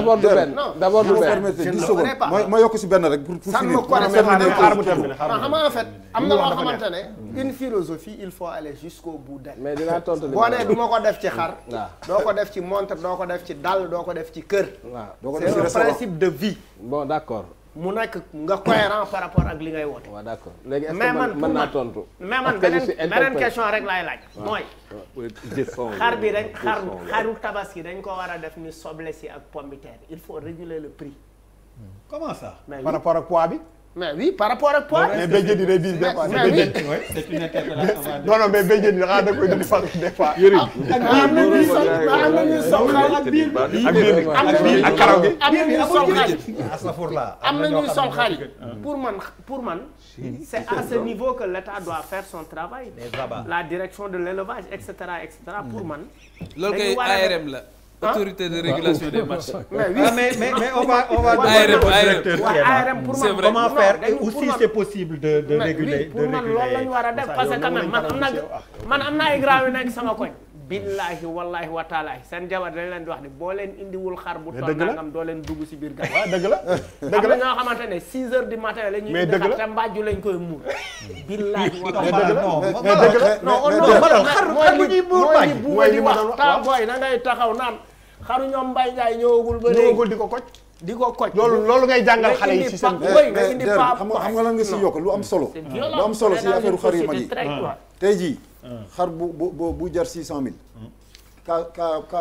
d'abord du benn d'abord du benn ma ma yokk si benn rek pour pour finir. xam nga en fait am na loo xamante ne une philosophie il faut aller jusqu'au bout de. mais dinaa tontu boo nee ma ko def ci xar. waaw doo ko def ci montre doo ko def ci dal doo ko def ci kër. waaw doo ko def ci c'est un principe de vie. bon d'accord. mu nekk nga cohérent par rapport ak li ngay woote. waaw d'accord léegi est-ce que mën tontu. mais man beneen question rek laay laaj. mooy xar bi rek xar xaru tabaski dañ ko war a def ni soble si ak pomme de il faut réguler le prix. comment ça par rapport ak poids bi. mais oui par rapport ak poids. mais béjjën yi day diis des fois. mais oui non non mais béjjën yi da koy dindi fàq des fois. yëriñ am na ñuy sox am na ñuy soxal ak biir bi. ak biir bi ak biir ak karaw gi. am na ñuy soxal astafurlah am na ñuy soxal pour man pour man. c'est à ce niveau que l'État doit faire son travail. la direction de l'élevage et cetera et cetera pour man. loolu kay ARM la. Ah? autorité de régulation des marchés. Ah, ah, mais mais mais on va on va. ARM pour man comment faire aussi c'est possible de de pour man loolu la ñu war a def man am na man am na sama koñ. billahi wallahi wa taalahi seen jabar dañ leen di wax ni boo leen indiwul xar bu toll nangam doo leen dugg si biir dëgg la dëgg la am na ñoo xamante ne 6 heures du la ñuy indi xar te mbàjju lañ koy muur. billahi mais dëgg la mais dëgg la non non xar ma ma doon wax waaw booy na ngay taxaw xaru ñoom Mbaye Ndiaye ñëwagul ba léegi ñëwagul di ko koc di ko koc loolu loolu ngay jàngal xale yi si seen mais indi pa xam nga xam nga si yokk lu am solo hmm. lu am solo si affaire xar yi hmm. tey jii hmm. xar bu bu bu jar six cent mille ka ka